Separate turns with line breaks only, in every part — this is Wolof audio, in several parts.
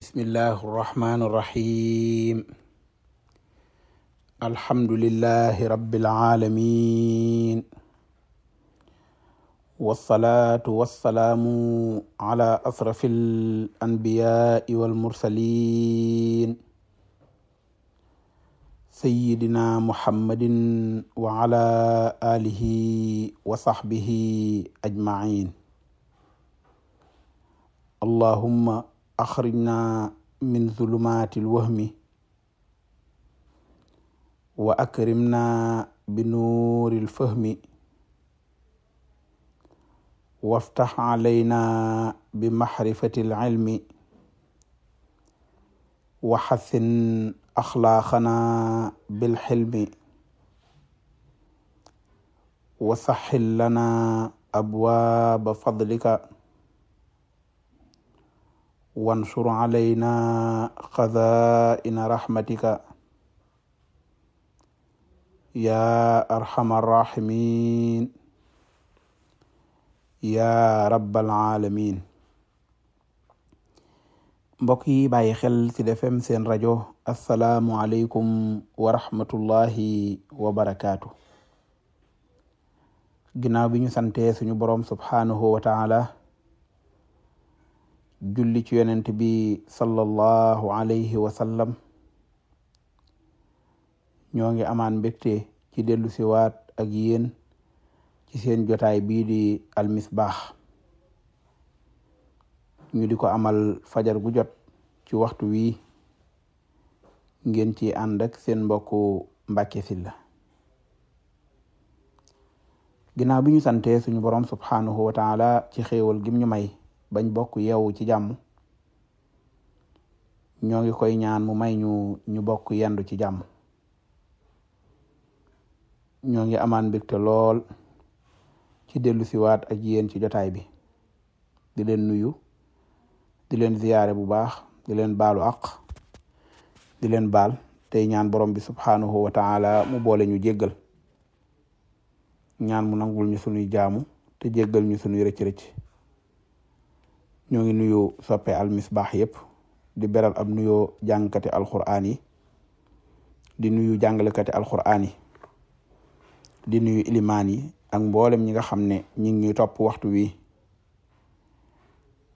bismillahi irrahmani irrahim alhamdulilahi rabiilalamin walsalaatu walsalaamu ala asrafi alanbiyaai walmursalin sayidina muhammadin wa ala alihi wa saxbihi ajmain allahumma axrijna min zulumaati lwahmi wa akrimna bi nuuri lfahmi waftax calayna bi maxrifati alcilmi wa xasin axlaaqana bilxilmi wansur alayna xazaa'ina raxmatika yaa arxama arraximin yaa rabbal alamin mbokk yi bàyyi xel ci Sud seen rajo assalaamu aleykum wa rahmatullahi wa ginnaaw bi ñu santee suñu borom subhaanahu wa julli ci yonent bi sallallahu alayhi wa ñoo ngi amaan mbette ci dellu siwaat ak yéen ci seen jotaay bii di almisbaax ñu di ko amal fajar gu jot ci waxtu wii ngeen ci ànd seen mbokku Mbàkke Sylla ginnaaw bi ñu sante suñu borom subhanahu wa ci xéewal gim ñu may bañ bokk yeewu ci jàmm ñoo ngi koy ñaan mu may ñu ñu bokk yendu ci jàmm ñoo ngi amaan mbégte lool ci dellu siwaat ak yéen ci jotaay bi di leen nuyu di leen ziyaare bu baax di leen baalu àq di leen baal tey ñaan borom bi subhanahu wa taala mu boole ñu jéggal ñaan mu nangul ñu sunuy jaamu te jéggal ñu sunuy rëcc-rëcc ñoo ngi nuyu soppe almisbaax yëpp di beral ab nuyoo jàngkati alquraan yi di nuyu jàngalekati alquraan yi di nuyu ilimaan yi ak mboolem ñi nga xam ne ñi ngi ñuy topp waxtu wi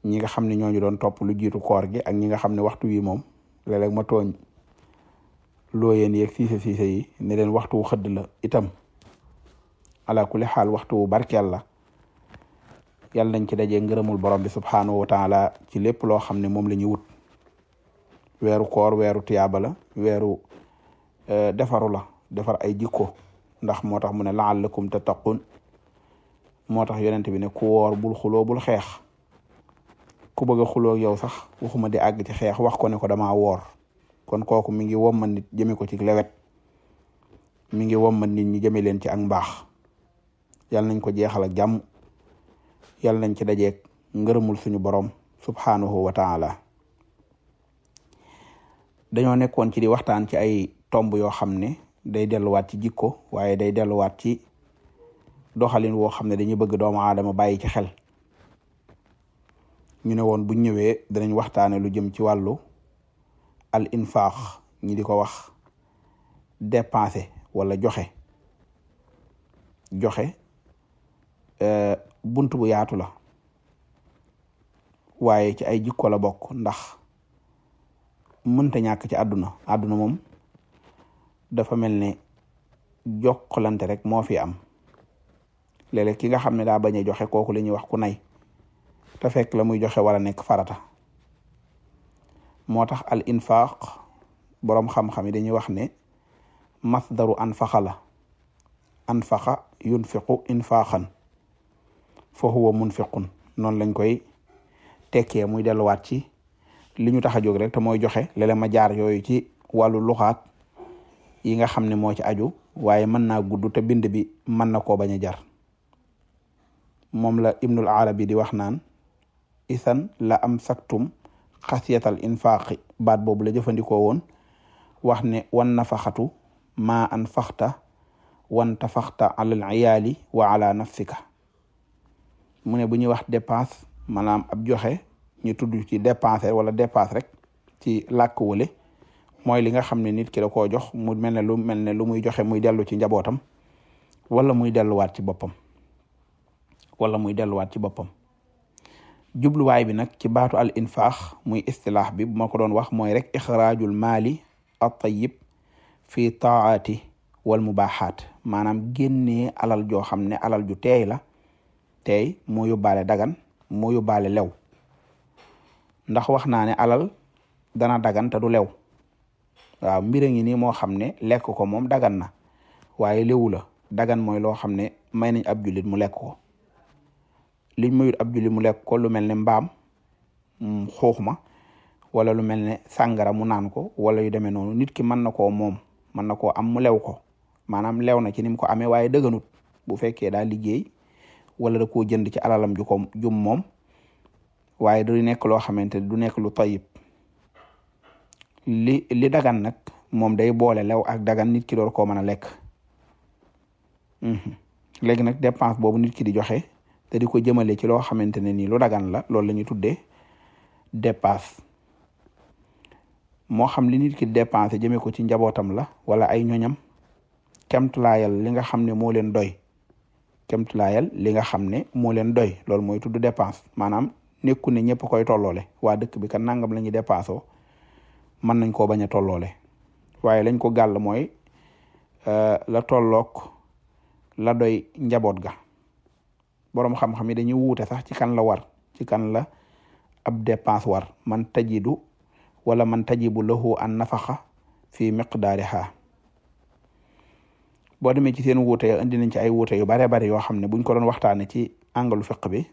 ñi nga xam ne ñooñu doon topp lu jiitu koor gi ak ñi nga xam ne waxtu wi moom léeg-léeg ma tooñ looyeen yeeg siise siise yi ne leen waxtu xëdd la itam alakule kulli xaal waxtu wu barkeel la yal nañ ci dajee ngërëmul borom bi subhaanahu wa taala ci lépp loo xam ne moom la ñuy wut weeru koor weeru tiyaaba la weeru e, defaru la defar ay jikko ndax moo tax mu ne laallakum tattaqun moo tax yonent bi ne ku woor bul xuloo bul xeex ku bëgg a xuloo yow sax waxuma di àgg ci xeex wax ko ne ko damaa woor kon kooku mi ngi womma nit jëme ko ci lewet mi ngi womma nit ñi jëme leen ci ak mbaax yàlla nañ ko jeexal ak jàmm yal nañ ci dajeeg ngërëmul suñu borom subhaanahu wa taala dañoo nekkoon ci di waxtaan ci ay tomb yoo xam ne day delluwaat ci jikko waaye day delluwaat ci doxalin woo xam ne dañuy bëgg doomu aadama bàyyi ci xel ñu ne woon bu ñëwee danañ waxtaane lu jëm ci wàllu al infaq ñi di ko wax dépenser wala joxe joxe euh, bunt bu yaatu la waaye ci ay jikko la bokk ndax mënta ñàkk ci àdduna àdduna moom dafa mel ne jokkalante rek moo fi am léeg-léeg ki nga xam ne daa bañ a joxe kooku li wax ku nay te fekk la muy joxe war a nekk farata moo tax al infaq boroom xam-xam yi dañuy wax ne masdaru anfaxa la anfaxa yunfiqu infaqan fa huwa munfiqun noonu lañ koy tekkee muy delluwaat ci li ñu tax a rek te mooy joxe léeg-léeg ma jaar yooyu ci wàllu luxaat yi nga xam ne moo ci aju waaye mën naa gudd te bind bi mën na koo bañ a jar moom la ibnul arabi di wax naan isan la am saktum xasiyatal infaaqi baat boobu la jëfandikoo woon wax ne wan nafaxatu maa an faxta wan tafaxta alal iyaali wa ala nafsika mu ne bu ñuy wax dépense maanaam ab joxe ñu tudd ci dépenser wala dépense rek ci làkk wële mooy li nga xam ne nit ki da ko jox mu mel ne lu mel ne lu muy joxe muy dellu ci njabootam wala muy delluwaat ci boppam wala muy delluwaat ci boppam jubluwaay bi nag ci baatu al infaax muy istilaax bi bu ma ko doon wax mooy rek ixraajul maali at-tayyib fi taati wal mubaaxaat maanaam génnee alal joo xam ne alal ju teey la teey moo yóbbaale dagan moo bale lew ndax wax naa ne alal dana dagan te du lew waaw mbir a ngi nii moo xam ne lekk ko moom dagan na waaye lewu la dagan mooy loo xam ne may nañ ab jullit mu lekk ko liñ mayut ab jullit mu lekk ko lu mel ne mbaam mm, xuux ma wala lu mel ne sàngara mu naan ko wala yu demee noonu nit ki mën na koo moom mën na koo am mu lew ko maanaam lew na ci ni ko amee waaye dëgganut bu fekkee daa liggéey wala da koo jënd ci alalam ju ko jum moom waaye du nekk loo xamante ne du nekk lu tayib li li dagan nag moom day boole lew ak dagan nit ki door koo mën a lekk mhm. léegi nag dépense boobu nit ki di joxe te di ko jëmale ci loo xamante ne nii lu dagan la loolu la ñuy tuddee dépasse moo xam li nit ki dépensé jëmee ko ci njabootam la wala ay ñoñam layal li nga xam ne moo leen doy kemtulaayal li nga xam ne moo leen doy loolu mooy tudd dépense maanaam nekku ne ñëpp koy tolloole waa dëkk bi kan nangam la ñuy dépassé mën nañ koo bañ a tolloole waaye lañ ko gàll mooy euh, la tolloog la doy njaboot ga boroom xam-xam yi dañuy wuute sax ci kan la war ci kan la ab dépense war man tajidu wala man tajibu lahu an nafaxa fi miqdaariha boo demee ci seen wuute ya indi yu bare bare yoo xam ne buñ ko doon waxtaane ci angalu fiq bi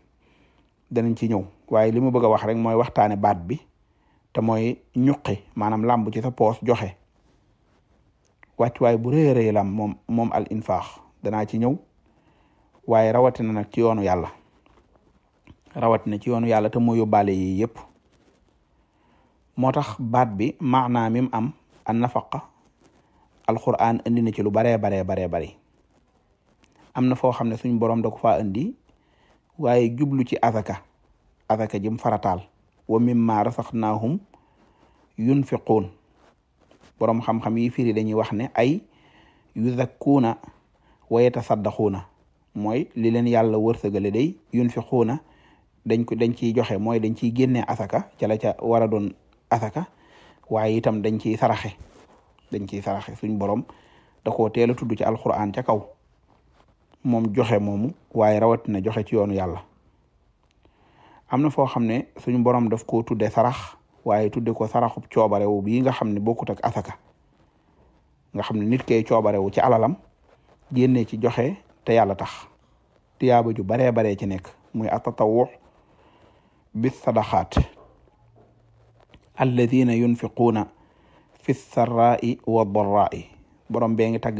danañ ci ñëw waaye li mu bëgg a wax rek mooy waxtaane baat bi te mooy ñuqi maanaam làmb ci sa poos joxe wàccuwaay bu rëy a rëy lam moom moom al infaax danaa ci ñëw waaye rawatina nag ci yoonu yàlla rawatina ci yoonu yàlla te mu yi yëpp moo tax baat bi maax mi mu am an nafaqa alquran indi na ci lu baree baree baree bari am na foo xam ne suñ borom da fa faa indi waaye jublu ci azaka azaka jim farataal wa mimma rasaxnaahum yunfiquun borom xam-xam yi firi dañuy wax ne ay yuzakkuuna wa yatasaddaquuna mooy li leen yàlla wërsëgale day yunfiquuna dañ ko dañ ciy joxe mooy dañ ciy génnee asaka cala ca war a doon asaka waaye itam dañ ciy saraxe dañ ciy saraxe suñ borom da koo teel a tudd ci alquran ca kaw moom joxe moomu waaye rawatina joxe ci yoonu yàlla am na foo xam ne suñu borom daf ko tudde sarax waaye tudde ko saraxub coobarewu bii nga xam ne bokkut ak asaka nga xam ne nit ke coobarewu ci alalam génne ci joxe te yàlla tax tiyaaba ju baree baree ci nekk muy atatawwu bis sadaxaat alladina yunfiquuna fi sarra'i wa dharra'i borom bee ngi tagg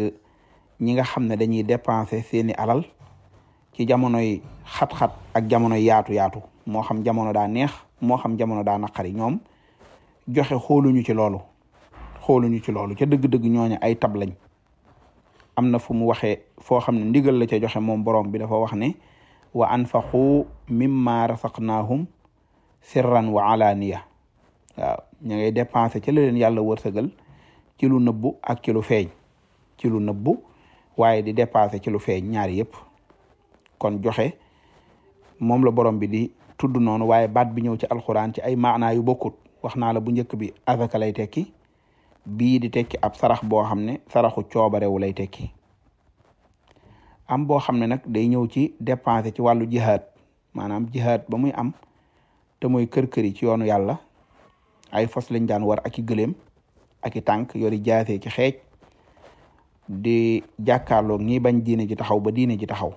ñi nga xam ne dañuy dépenser seeni alal ci jamonoy xat-xat ak jamono yaatu yaatu moo xam jamono daa neex moo xam jamono daa naqari ñoom joxe xooluñu ci loolu xooluñu ci loolu ca dëgg-dëgg ñooñu ay tab lañ am na fu mu waxee foo xam ne ndigal la ca joxe moom borom bi dafa wax ne wa anfaqu mimma rasaqnaahum sirran wa alaaniya waaw ña ngay dépensé ci la leen yàlla wërsëgal ci lu nëbbu ak ci lu feeñ ci lu nëbbu waaye di dépensé ci lu feeñ ñaar yëpp kon joxe moom la borom bi di tudd noonu waaye baat bi ñëw ci alxuraan ci ay maanaa yu bokkut wax naa la bu njëkk bi azaka lay tekki bii di tekki ab sarax boo xam ne saraxu coobarewu lay tekki am boo xam ne nag day ñëw ci dépensé ci wàllu jihaad maanaam jihaad ba muy am te mooy kër kër yi ci yoonu yàlla ay fas lañ daan war ak i gëléem ak i tànk yori jaasee ci xeej di jàkkaarloog ñi bañ diine ji taxaw ba diine ji taxaw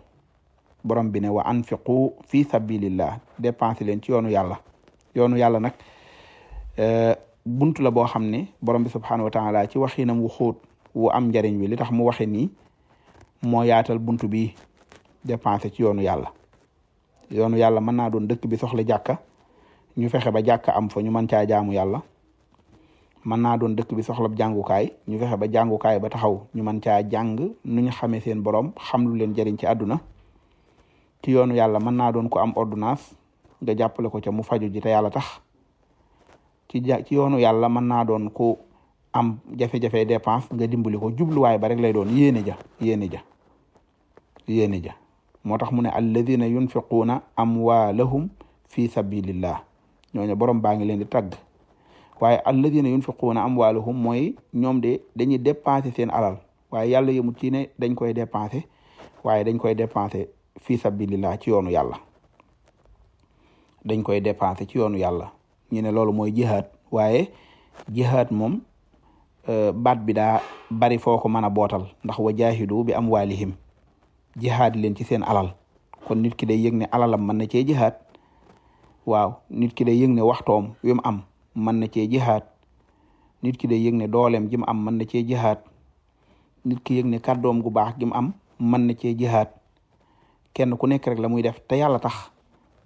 borom bi ne wa anfiqu fi sabilillah dépensé leen ci yoonu yàlla yoonu yàlla nag euh, bunt la boo xam ne borom bi subhanahu wa taala ci waxinam wu xóot wu am njariñ wi li tax mu waxe nii moo yaatal bunt bi dépensé ci yoonu yàlla yoonu yàlla mën naa doon dëkk bi soxla jàkka ñu fexe ba jàkka am fo ñu mën caa jaamu yàlla mën naa doon dëkk bi soxla jàngukaay ñu fexe ba jàngukaay ba taxaw ñu mën caa jàng nu ñu xamee seen borom xam lu leen jëriñ ci àdduna ci yoonu yàlla mën naa doon ko am ordinance nga jàppale ko ca mu faju ji te yàlla tax ci ci yoonu yàlla mën naa doon ko am jafe-jafe dépense nga dimbali ko jubluwaay ba rek lay doon yéene ja yéene ja yéene ja moo tax mu ne alladina yunfiquuna amwaalahum fi sabilillah ñooñu borom baa ngi leen di tagg waaye alladina yunfiquuna amwaalahum mooy ñoom de dañuy dépenser seen alal waaye yàlla yëmu ci ne dañ koy dépenser waaye dañ koy dépenser fii sabilillah ci yoonu yàlla dañ koy dépenser ci yoonu yàlla ñu ne loolu mooy jihaad waaye jihaad moom euh, baat bi daa bari foo ko mën a bootal ndax wa jaahidu bi amwaalihim jihaad leen ci seen alal kon nit ki day yëg ne alalam mën na cee jihaad waaw nit ki da yëg ne waxtoom yu mu am mën na cee jihaat nit ki day yëg ne dooleem ji mu am mën na cee jihaat nit ki yëg ne kàddoom gu baax gi am mën na cee jihaat kenn ku nekk rek la muy def te yàlla tax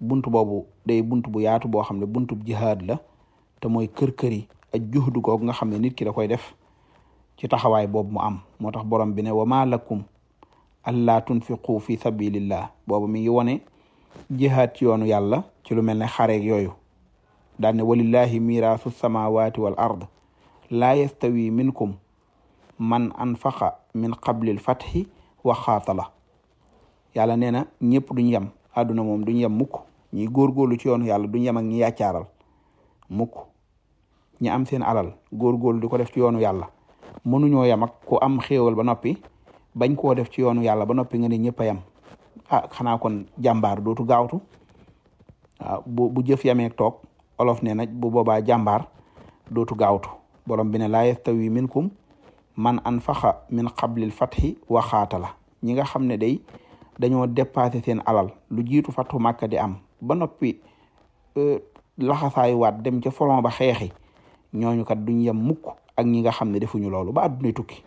bunt boobu day bunt bu yaatu boo xam ne buntub jihaad la te mooy kër-kër yi ak juhdu googu nga xam ne nit ki da koy def ci taxawaay boobu mu am moo tax borom bi ne wa ma lakum allaa tunfiqu fi sabilillah boobu mi ngi wone jihaad ci yoonu yàlla ci lu mel ne xareeg yooyu daan ne walillahi miraasu samawati wal ard laa yastawi minkum man anfaqa min qablil fathi wa xaatala yàlla nee na ñëpp duñ yem àdduna moom duñ yem mukk ñi góorgóorlu ci yoonu yàlla duñ yem ak ñi yàccaaral mukk ñi am seen alal góorgóorlu di ko def ci yoonu yàlla mënuñoo yem ak ku am xéewal ba noppi bañ koo def ci yoonu yàlla ba noppi nga ne ñëpp a yem a ah, xanaa kon jàmbaar dootu gaawtu waaw ah, bu jëf yameeg toog olof nee na bu boobaa jàmbaar dootu gaawtu borom bi ne laa yastawi minkum man an anfaxa min qablil fatxi wa xaatala ñi nga xam ne day dañoo dépassé seen alal lu jiitu fatu Màkka di am ba noppi euh, laxasaay waat dem ca front ba xeexi ñooñu kat duñ yem mukk ak ñi nga xam ne defuñu loolu ba àdduna tukki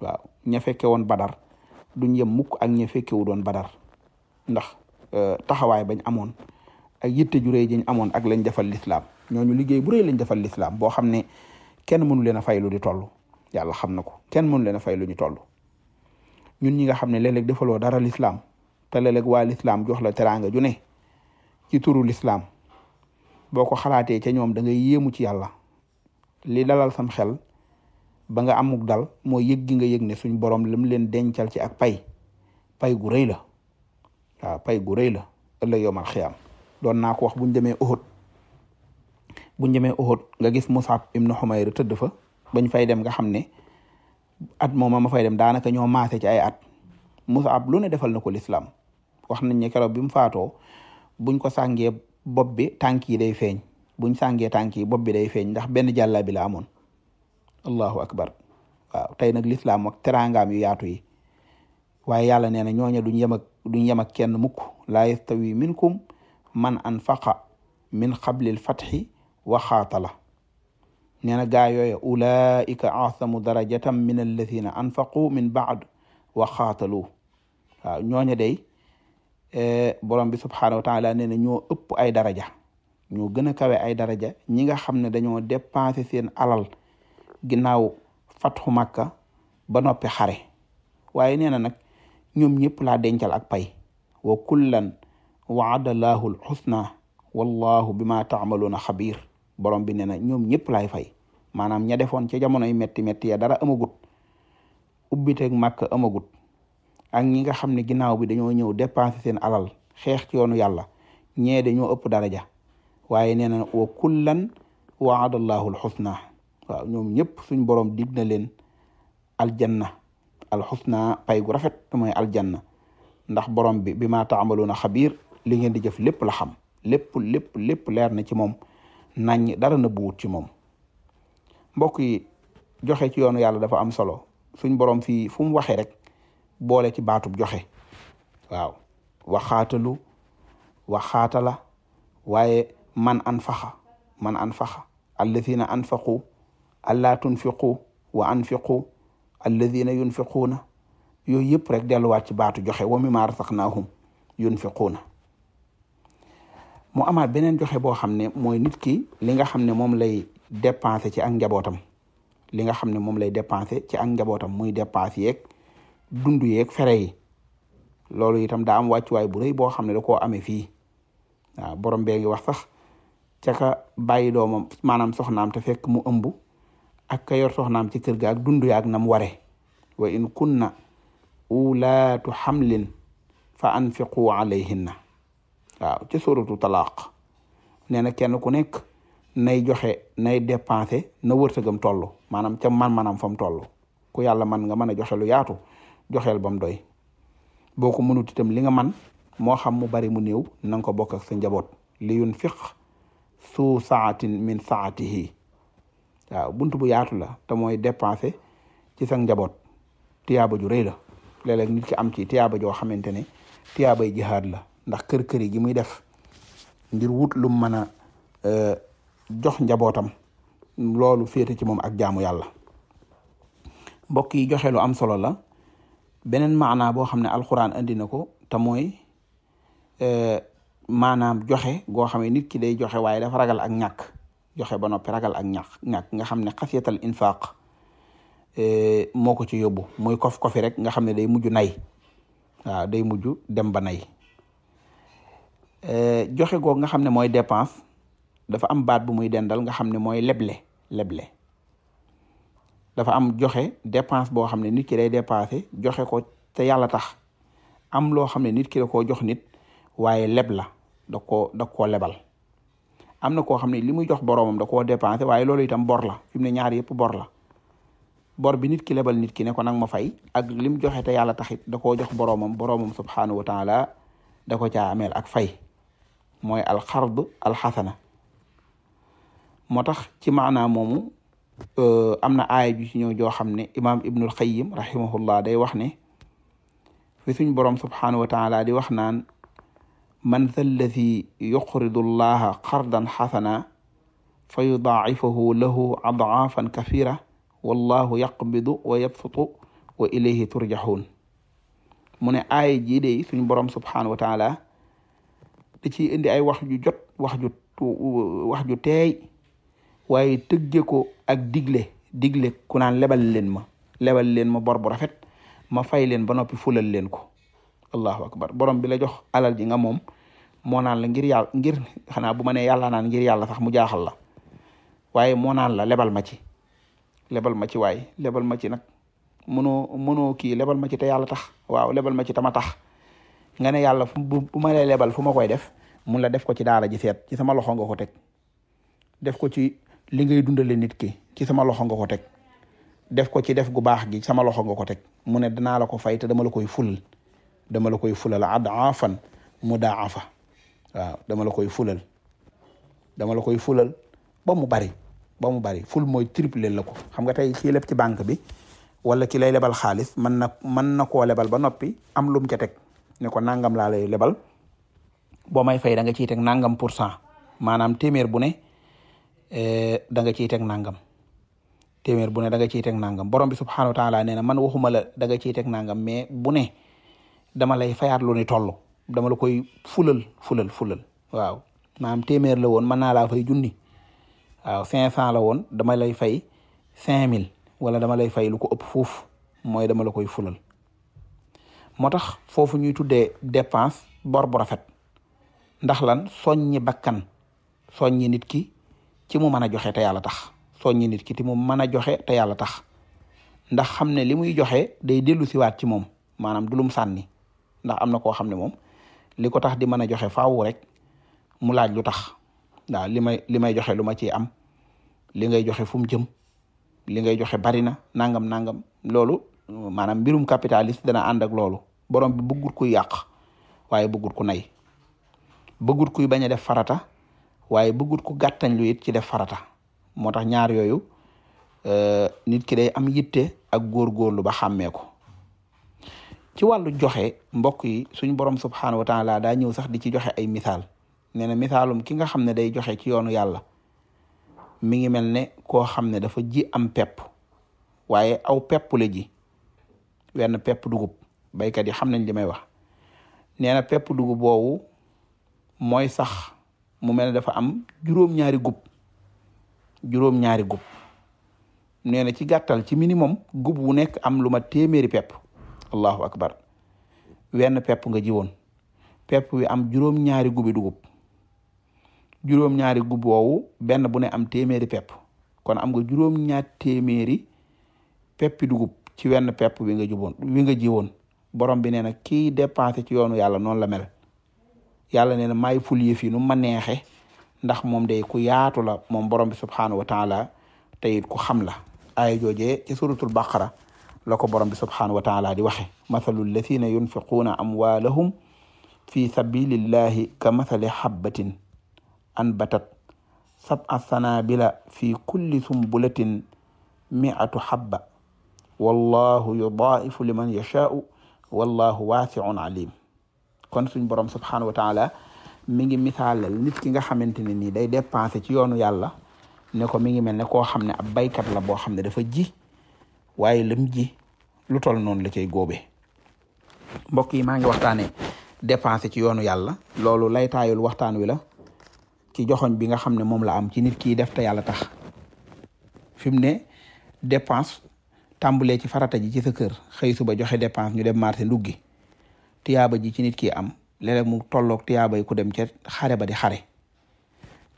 waaw ña fekke woon Badar duñ yem mukk ak ña fekkewu doon badar ndax euh, taxawaay bañ amoon ak yitte ju rëy amoon ak lañ defal lislaam ñooñu liggéey bu rëy lañ defal lislaam boo xam kenn mënu leen a fay di toll yàlla xam na ko kenn mënu leen fay lu ñu toll ñun ñi nga xam ne léeg defaloo dara lislaam te léeg-léeg waa lislaam jox la teraanga ju ne ci turu lislaam boo ko xalaatee ca ñoom da ngay yéemu ci yàlla li dalal sam xel ba nga amuk dal moo yëg gi nga yëg ne suñ borom lam leen dencal ci ak pay pay gu rëy la waaw pay gu rëy la ëllëg yowmal xiyaam doon naa ko wax buñ demee Uhud buñ demee Uhud nga gis Musab ibnu Xumayr tëdd fa bañ fay dem nga xam ne at mooma ma fay dem daanaka ñoo maase ci ay at Musab lu ne defal na ko lislaam wax nañ ne keroog bi mu faatoo buñ ko sàngee bopp bi tànk yi day feeñ buñ sàngee tànk yi bopp bi day feeñ ndax benn jàllaa bi la amoon allahu akbar waaw tey nag lislaam ak teraangaam yu yaatu yi waaye yàlla nee na ñooña duñ yem ak kenn mukk laa yastawi minkum man anfaqa min qablil fatxi wa xaatala nee na gaa yooya ulaika asamu darajatan min alladina anfaqu min baad wa xaatalu waaw ñooña day eh, borom bi subhaanahu wa taala nee na ñoo ëpp ay daraja ñoo gën a ay daraja ñi nga xam ne dañoo dépensé seen alal ginnaaw fatxu Makka ba noppi xare waaye nee na nag ñoom ñëpp laa dencal ak pay wa kullan waada laahu lxusna wallahu bima taamaluuna xabir borom bi nee na ñoom ñëpp laay fay maanaam ña defoon ca jamonoy metti metti ya dara amagut ubbiteeg màkk amagut ak ñi nga xam ne ginnaaw bi dañoo ñëw dépenser seen alal xeex ci yoonu yàlla ñee dañoo ëpp daraja waaye nee na wa kullan waada laahu waaw ñoom ñëpp suñ borom dig na leen aljanna alxusna pay gu rafet mooy aljanna ndax borom bi bi maa taamaluuna xabiir li ngeen di jëf lépp la xam lépp lépp leer na ci moom nañ dara na buwut ci moom mbokk yi joxe ci yoonu yàlla dafa am solo suñ borom fi fu mu waxee rek boole ci baatub joxe waaw waxaatalu waxaatala waaye man an anfaxa man anfaxa an anfaqu allaa tunfiqu wa anfiqu alladina yunfiquuna yooyu yëpp rek delluwaat ci baatu joxe wa mimmaa razaqnaahum yunfiquuna mu amaat beneen joxe boo xam ne mooy nit ki li nga xam ne moom lay dépensé ci ak njabootam li nga xam ne moom lay dépensé ci ak njabootam muy dépense yeeg dund yeeg fere yi loolu itam daa am wàccuwaay bu rëy boo xam ne da koo amee fii waaw borom bee wax sax ca ka bàyyi doomam maanaam soxnaam te fekk mu ëmb ak ka yor soxnaam ci kër ga ak dundu yaag nam ware wa in kunna ulaatu xamlin fa anfiqu alayhinna waaw ci suratu talaaq nee na kenn ku nekk nay joxe nay dépensé na wërsëgam toll maanaam ca man manam fa mu toll ku yàlla man nga mën a joxe lu yaatu joxeel ba mu doy boo ko mënut itam li nga man moo xam mu bari mu néew na nga ko bokk ak sa njaboot li yunfiq su saatin min saatihi waaw bunt bu yaatu la te mooy dépenser ci sa njaboot tiyaaba ju rëy la léeg-léeg nit ki am ci tiyaaba joo xamante ne tiyaabay jihaad la ndax kër-këri gi muy def ngir wut lu mën a e, jox njabootam loolu féete ci moom ak jaamu yàlla mbokk yi joxe lu am solo la beneen maanaa boo xam ne alxuraan andi ko te mooy e, maanaam joxe goo xam ne nit ki day joxe waaye dafa ragal ak ñàkk joxe ba noppi ragal ak ñàkk ñàkk nga xam ne xasiyatal infaq e, moo ko ci yóbbu muy kof-kofi rek nga xam ne day mujju nay waaw day mujj dem ba nay e, joxe googu nga xam ne mooy dépense dafa am baat bu muy dendal nga xam ne mooy leble leble dafa am joxe dépense boo xam ne nit ki day dépensé joxe ko te yàlla tax am loo xam ne nit ki da koo jox nit waaye leb la da koo da koo lebal am na koo xam ne li muy jox boroomam da koo dépensé waaye loolu itam bor la fi ne ñaar yëpp bor la bor bi nit ki lebal nit ki ne ko nag ma fay ak li mu joxe te yàlla taxit da koo jox boroomam boroomam subhaanahu wa taala da ko caa ameel ak fay mooy alxard alxasana moo tax ci maanaa moomu euh, am na aaya ju ci ñëw joo xam ne imaam ibnul xayim rahimahullah day wax ne fi suñ boroom subhaanahu wa taala wax naan man dha alladi yuqridu allaha qardan xasana fa yudaacifahu lahu adcaafan kacira wallahu yaqbidu wa yabsutu wa ilayhi turjaxuun mu ne aaya jii de suñ borom subhaanahu wa da ciy indi ay wax ju jot wax ju wax ju teey waaye tëgge ko ak digle digle ku naan lebal leen ma lebal leen ma bor bu rafet ma fay leen ba noppi fulal leen ko allahu akbar borom bi la jox alal ji nga moom moo naan la ngir yàlla ngir xanaa bu ma nee yàlla naan ngir yàlla sax mu jaaxal la waaye moo naan la lebal ma ci lebal ma ci lebal ma ci nag mënoo mënoo kii lebal ma ci te yàlla tax waaw lebal ma ci tama tax nga ne yàlla fu bu ma lebal fu ma koy def mun la def ko ci daara ji seet ci sama loxo nga ko teg def ko ci li ngay dundale nit ki ci sama loxo nga ko teg def ko ci def gu baax gi sama loxo nga ko teg mu ne danaa la ko fay te dama la koy ful dama la koy fulal adaafan mudaafa waaw dama la koy fulal dama la koy fulal ba mu bari ba mu bari ful mooy triple la ko xam nga tey kii leb ci banque bi wala ki lay lebal xaalis man na mën na koo lebal ba noppi am lum ca teg ne ko nangam laa lay lebal boo may fay da nga ciy teg nangam pour cent maanaam téeméer bu ne eh, da nga ciy teg nangam téeméer bu ne da nga ciy teg nangam borom bi subxanahu wa taala nee na man waxuma la danga nga ciy teg nangam mais bu ne. dama lay fayaat lu ni dama la koy fulal fulal fulal waaw maanaam téeméer la woon mën naa laa fay junni waaw cinq cent la woon dama lay fay cinq mille wala dama lay fay lu ko ëpp foofu mooy dama la koy fulal moo tax foofu ñuy tuddee dépense bor bu rafet ndax lan soññi bakkan soññi nit ki ci mu mën a joxe te yàlla tax soññi nit ki te mu mën a joxe te yàlla tax ndax xam ne li muy joxe day dellu siwaat ci moom maanaam du sànni ndax am na koo xam ne moom li ko tax di mën a joxe faawu rek mu laaj lu tax waaw li may li may joxe lu ma ciy am li ngay joxe fu mu jëm li ngay joxe bari na nangam nangam loolu maanaam mbirum capitaliste dana ànd ak loolu borom bi bëggut kuy yàq waaye bëggut ku nay bëggut kuy bañ a def farata waaye bëggut ku gàttañ lu it ci def farata moo tax ñaar yooyu euh, nit ki day am yitte ak góorgóorlu ba xàmmee ko ci wàllu joxe mbokk yi suñ borom subhaanahu wa taala daa ñëw sax di ci joxe ay misaal nee na misaalum ki nga xam ne day joxe ci yoonu yàlla mi ngi mel ne koo xam ne dafa ji am pepp waaye aw pepp la ji wenn pepp dugub baykat yi xam nañ li may wax nee na pepp dugub boobu mooy sax mu mel ne dafa am juróom-ñaari gub juróom-ñaari gub nee na ci gàttal ci minimum gub wu nekk am lu ma téeméeri pepp allahu akbar wenn pepp nga jiwoon pepp wi am juróom-ñaari gubi dugub juróom-ñaari gub woowu benn bu ne am téeméeri pepp kon am nga juróom-ñaar téeméeri peppi dugub ci wenn pepp wi nga jiwoon wi nga jiwoon borom bi nee na kii dépensé ci yoonu yàlla noonu la mel yàlla nee na maay ful nu ma neexe ndax moom de ku yaatu la moom borom bi subhaanahu wa taala teyit ku xam la aaya joojee ci suratul baqara la ko borom bi subhaanahu wa taala di waxe mathalu alladina yunfiquuna amwaalahum fi sabilillahi ka mathali habbatin anbatat sab'a sanabila fi kulli sumbulatin mi'atu habba wallahu yudaa'ifu liman yashaa'u wallahu waasi'un alim kon suñ borom subhaanahu wa taala mi ngi misaalal nit ki nga xamante ne nii day dépensé ci yoonu yàlla ne ko mi ngi mel ne koo xam ne ab baykat la boo xam ne dafa ji lu toll noonu la cay góobee mbokk yi maa ngi waxtaanee dépensé ci yoonu yàlla loolu lay laytaayul waxtaan wi la ci joxoñ bi nga xam ne moom la am ci nit kii def te yàlla tax fi mu ne dépense tàmbulee ci farata ji ci sa kër xëy suba joxe dépense ñu dem marché nduggi tiyaaba ji ci nit ki am léeg mu tolloog tiyaaba yi ku dem ca xare ba di xare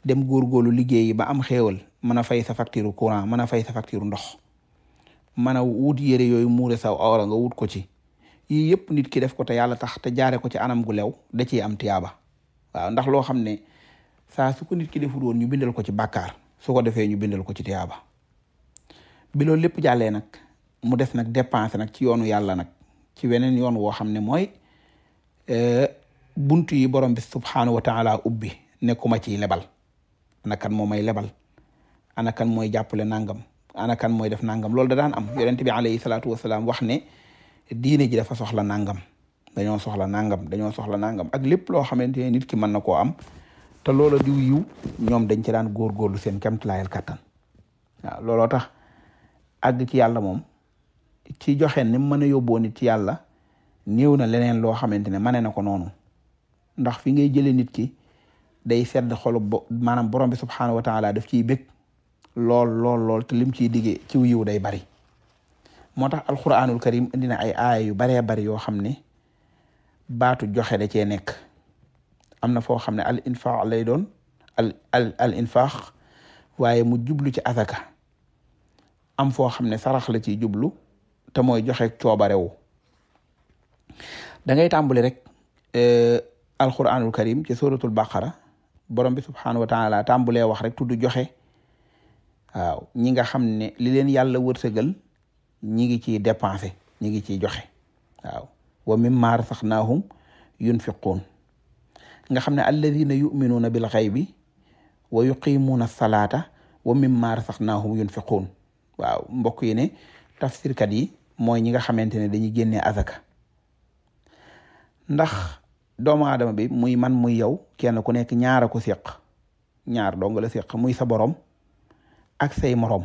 dem góorgóorlu liggéey ba am xéewal mën a fay sa facture courant mën a fay sa facture ndox mën a wut yére yooyu muure saw awra nga wut ko ci yii yëpp nit ki def ko te yàlla tax te jaare ko ci anam gu lew da ciy am tiyaaba waaw ndax loo xam ne saa su ko nit ki deful woon ñu bindal ko ci bàkkaar su ko defee ñu bindal ko ci tiyaaba bi loolu lépp jàllee nag mu def nag dépense nag ci yoonu yàlla nag ci weneen yoon woo xam ne mooy e, buntu yi borom bi subhaanahu wa taala ubbi nekkuma ciy lebal ana moo may lebal ana kan mooy jàppale nangam ana kan mooy def nangam loolu da daan am yonent bi alayhi salaatu wasalaam wax ne diine ji dafa soxla nangam dañoo soxla nangam dañoo soxla nangam ak lépp loo xamante ne nit ki mën na koo am te loola diw yiw ñoom dañ ci daan góorgóorlu seen kemtalaayal kattan waaw tax àgg ci yàlla moom ci joxe ni mën a yóbboo nit ci yàlla néew na leneen loo xamante ne mane na ko noonu ndax fi ngay jëlee nit ki day sedd xolu bo maanaam borom bi subxanahu wa taala daf ciy bëgg lool lool lool te lim ciy diggee ciw yiw day bari moo tax alquranul karim indi na ay aaya yu baree bari yoo xam ne baatu joxe da cee nekk am na foo xam ne al infaq lay doon al al al infaq waaye mu jublu ci asaka am foo xam ne sarax la ciy jublu te mooy joxe coobarewu da ngay tàmbali rek e, alquranul karim ci suratul baqara borom bi subhanahu wa taala tàmbulee wax rek tu tudd joxe waaw ñi nga xam ne li leen yàlla wërsëgal ñi ngi ciy dépensé ñi ngi ciy joxe waaw wa yun razaqnaahum yunfiquun nga xam ne alladina yuminuuna bil xaybi wa na salaata wa mimma razaqnaahum yunfiquun waaw mbokk yi ne tafsirkat yi mooy ñi nga xamante ne dañuy génnee azaka ndax doomu aadama bi muy man muy yow kenn ku nekk ñaar a ko séq ñaar dong la séq muy sa borom ak say moroom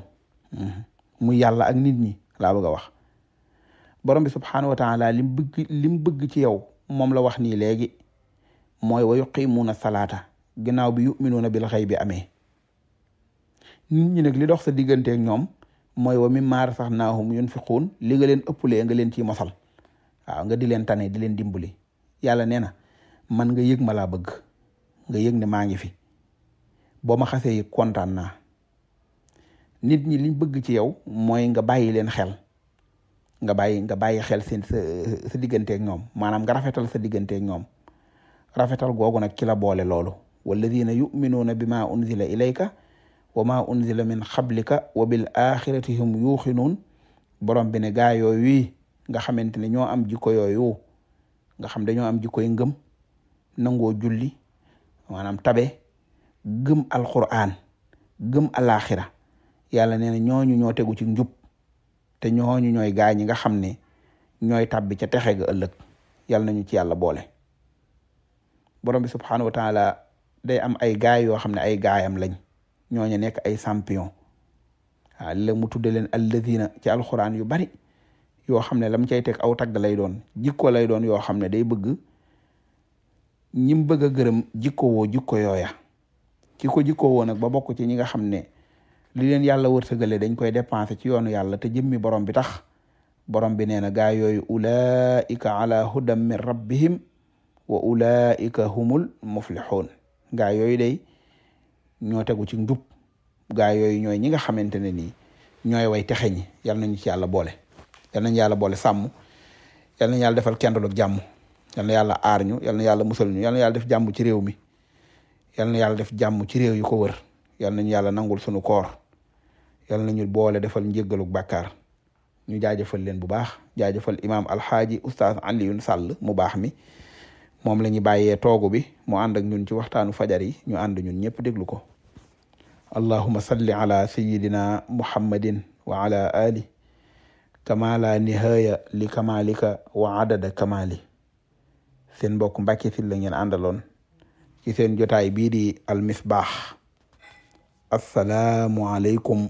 mhm. mu yàlla ak nit ñi laa bëgg a wax borom bi subhaanahu wa lim bëgg lim bëgg ci yow moom la wax nii léegi mooy wa yuqimuuna salaata ginnaaw bi yuminuuna bil xëy bi amee nit ñi nag li dox sa digganteeg ñoom mooy wa mimmaa razaqnaahum fi li nga leen ëpp ëppalee nga leen ciy mosal waaw nga di leen tane di leen dimbali yàlla nee na man nga yëg ma laa bëgg nga yëg ne maa ngi fi boo ma xasee kontaan naa nit ñi liñ bëgg ci yow mooy nga bàyyi leen xel nga bàyyi nga bàyyi xel seen sa sa digganteeg ñoom maanaam nga rafetal sa digganteeg ñoom rafetal googu nag ci la boole loolu walladina yuminuuna bi ma unzila ilayka wa ma unzila min xablika wa bil axirati hum yuuxinuun borom bi ne gaa yooyu nga xamante ne ñoo am jikko yooyu nga xam dañoo am jikkoy ngëm nangoo julli maanaam tabe gëm alquran gëm alaxira yàlla nee na ñooñu ñoo ci njub te ñooñu ñooy gaa ñi nga xam ne ñooy tàbbi ca texe ga ëllëg yàlla nañu ci yàlla boole borom bi subhaanahu wa taala day am ay gaay yoo xam ne ay gaayam lañ ñooñu nekk ay champion a li la mu tudde leen alladina ci alxuraan yu bari yoo xam ne lam cay teg aw tagg lay doon jikko lay doon yoo xam ne day bëgg ñim bëgg a gërëm jikko woo jikko yooya ki ko jikko woo nag ba bokk ci ñi nga xam ne li leen yàlla wërsëgale dañ koy dépensé ci yoonu yàlla te jëmmi borom bi tax borom bi nee na gaa yooyu ulaika ala hudam min rabbihim wa ulaika humul muflihun gaa yooyu day ñoo tegu ci njub gaa yooyu ñooy ñi nga xamante ne nii ñooy way texe ñi yal nañu ci yàlla boole yal nañu yàlla boole sàmm yal nañu yàlla defal kendalu jàmm yal na yàlla aar ñu yal na yàlla musal ñu yal na yàlla def jàmm ci réew mi yal na yàlla def jàmm ci réew yu ko wër yal yàlla nangul sunu koor yal nañu boole defal njéggaluk bàkkaar ñu jaajëfal leen bu baax jaajëfal imaam alxaaji oustaz Alioune Sall mu baax mi moom la ñu bàyyee toogu bi mu ànd ak ñun ci waxtaanu fajar yi ñu ànd ñun ñëpp déglu ko allahuma salli ala sayidina muhammadin wa ala ali kama nihaaya li kamalika wa adada kamali seen mbokku Mbàkke Sylla la ngeen àndaloon ci seen jotaay bii di almisbaax assalaamu aleykum